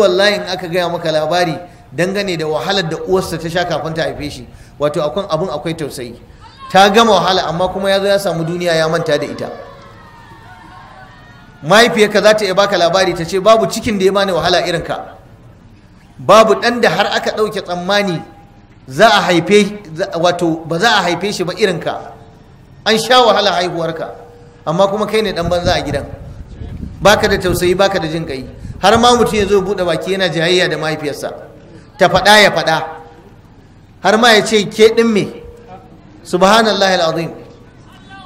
wallahi in aka gaya maka labari dangane da wahalar da uwarsa ta sha kafin ta haife shi wato akwai abun akwai tausayi ta gama wahala amma kuma ya zo ya samu duniya ya manta da ita mahaifiyarka za ta iya baka labari ta ce babu cikin da ya bani wahala irin ka babu ɗan da har aka ɗauke tsammani za a haife wato ba za a haife shi ba irin an sha wahala haihuwarka amma kuma kai ne ɗan banza a gidan baka da tausayi baka da jin kai har ma mutum ya zo buɗe baki yana jayayya da mahaifiyarsa ta faɗa ya faɗa har ma ya ce ke ɗin me subhanallah al'azim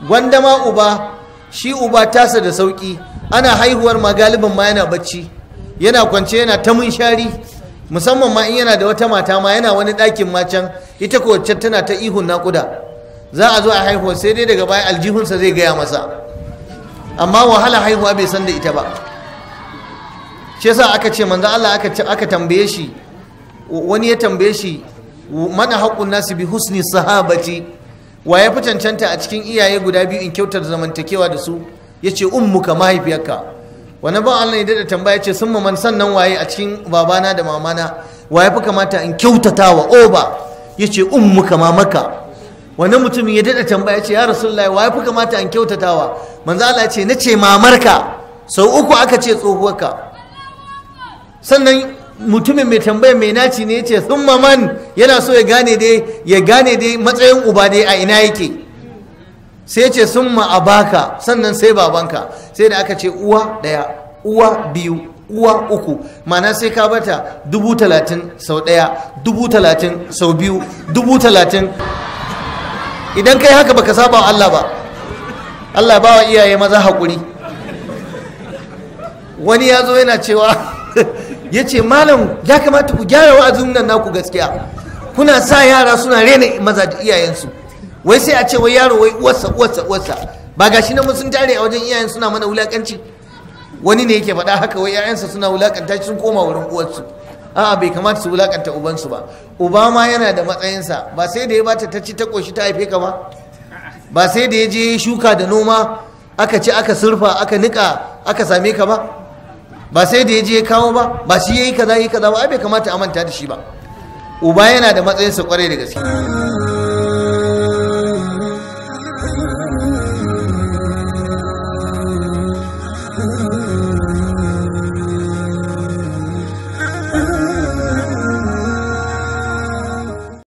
gwanda ma uba shi uba tasa da sauƙi ana haihuwar ma galibin ma yana bacci yana kwance yana ta munshari musamman ma in yana da wata mata ma yana wani ɗakin ma can ita ko tana ta ihun naƙuda za a zo a haihuwa sai dai daga baya aljihunsa zai gaya masa amma wahala haihuwa bai san da ita ba shi yasa aka ce manzo Allah aka aka tambaye shi wani ya tambaye shi mana haqqun nasi bi husni sahabati wa ya fi cancanta a cikin iyaye guda biyu in kyautar zamantakewa da su yace ummuka mahaifiyarka wani ban Allah ya dada tambaya ce sun man sannan waye a cikin babana da mamana wa ya fi kamata in kyautatawa oba yace ummuka mamaka wani mutumin ya dada tambaya ce ya rasulullahi wa ya fi kamata in kyautatawa manzo Allah ya ce nace mamarka sau uku aka ce tsohuwarka sannan mutumin mai tambaya mai naci ne ce sun man yana so ya gane dai ya gane dai matsayin uba dai a ina yake sai ce sun ma a baka sannan sai babanka sai da aka ce uwa ɗaya uwa biyu uwa uku mana sai ka bata dubu talatin sau ɗaya dubu talatin sau biyu dubu talatin idan kai haka baka saba wa Allah ba Allah ba wa iyaye maza haƙuri wani ya zo yana cewa ya ce malam ya kamata ku gyara wa'azin nan naku gaskiya kuna sa yara suna rena maza da iyayensu wai sai a ce wai yaro wai uwarsa uwarsa uwarsa ba gashi na mun sun tare a wajen iyayen suna mana wulakanci wani ne yake faɗa haka wai iyayensa suna wulakanta sun koma wurin uwarsu a'a bai kamata su wulakanta ubansu ba uba ma yana da matsayinsa ba sai da ya bata ta ci ta koshi ta haife ka ba ba sai da ya je shuka da noma aka ci aka surfa aka nika aka same ka ba ba sai da ya je kawo ba ba shi yayi kaza yayi kaza ba ai bai kamata a manta da shi ba uba yana da matsayin matsayinsa kwarai da gaske